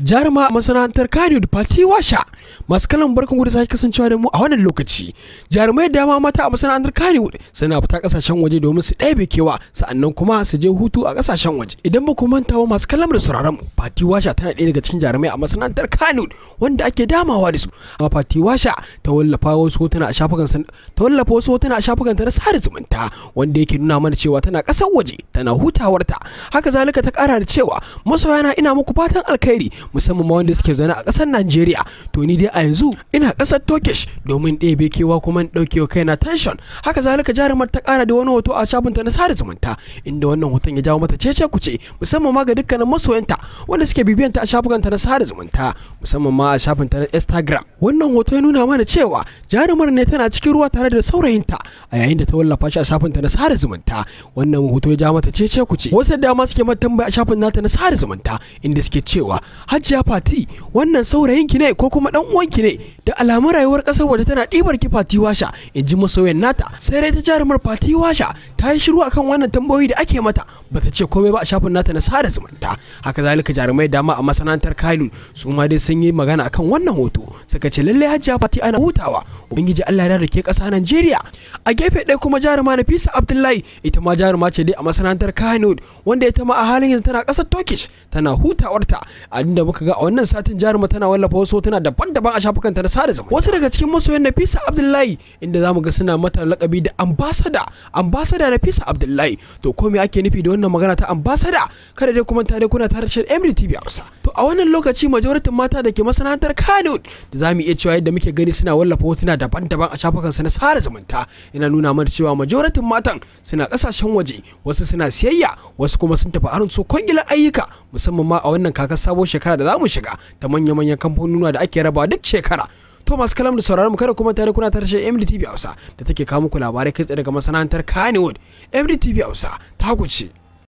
jaruma a masana'antar kariyo da fati washa masu kalan barkan gudu sake kasancewa da mu a wannan lokaci jarumai da dama mata a masana'antar kariyo suna fita kasashen waje domin su ɗaya kewa sa'annan kuma su je hutu a kasashen waje idan ba ku manta ba masu kalan da sauraron mu fati washa tana ɗaya daga cikin jarumai a masana'antar kano wanda ake damawa da su amma fati washa ta wallafa wasu hotuna a shafukan ta wallafa wasu hotuna a shafukan ta na sada zumunta wanda yake nuna mana cewa tana ƙasar waje tana hutawarta haka zalika ta ƙara da cewa masoyana ina muku fatan alkhairi musamman ma wanda suke zaune a kasar Najeriya to ni dai a yanzu ina kasar Turkish domin ɗebe kewa kuma in kai kaina tension haka zalika jarumar ta kara da wani hoto a shafinta na sada zumunta inda wannan hoton ya jawo mata cece kuce musamman ma ga dukkanin masoyanta wanda suke ta a shafukanta na sada zumunta musamman ma a shafinta na Instagram wannan hoto ya nuna mana cewa jarumar ne tana cikin ruwa tare da saurayinta a yayin da ta wallafa shi a shafinta na sada zumunta wannan hoto ya jawo mata cece kuce wasu dama suke mata tambaya a shafin nata na sada zumunta inda suke cewa hajiya fati wannan saurayin ki ne ko kuma dan uwan ki ne da alamun rayuwar kasar waje tana ɗibar ki fati washa in ji masoyan nata sai dai ta jarumar fati washa ta yi shiru akan wannan tambayoyi da ake mata ba ta ce komai ba a shafin nata na sada zumunta haka zalika jarumai dama a masana'antar kailu su ma dai sun yi magana akan wannan hoto suka ce lallai hajiya fati ana hutawa ubangiji Allah ya rarrake ƙasa Najeriya a gefe ɗaya kuma jaruma Nafisa Abdullahi ita ma jaruma ce dai a masana'antar Kano wanda ita ma a halin yanzu tana ƙasar Turkish tana hutawarta a inda muka ga a wannan satin jaruma tana wallafa wasu hotuna daban-daban a shafukan ta na sada zumunta wasu daga cikin masoyan Nafisa Abdullahi inda zamu ga suna mata lakabi da ambasada ambasada Nafisa Abdullahi to ko me ake nufi da wannan magana ta ambasada kada dai kuma tare kuna tare da Emily TV Hausa to a wannan lokaci majority mata da ke masana'antar Kano da zamu iya cewa yadda muke gani suna wallafa hotuna daban-daban a shafukan sa na sada zumunta yana nuna mana cewa majoratin matan suna kasashen waje wasu suna siyayya wasu kuma sun tafi arun su kwangilar ayyuka musamman ma a wannan kakar sabon shekara da za mu shiga ta manya-manyan kamfanunuwa da ake rabawa duk shekara to masu kalam da sauraron mu kada kuma tare kuna tarshe MDTV Hausa da take kawo muku labarai kai tsaye daga masana'antar Kannywood MDTV Hausa ta guce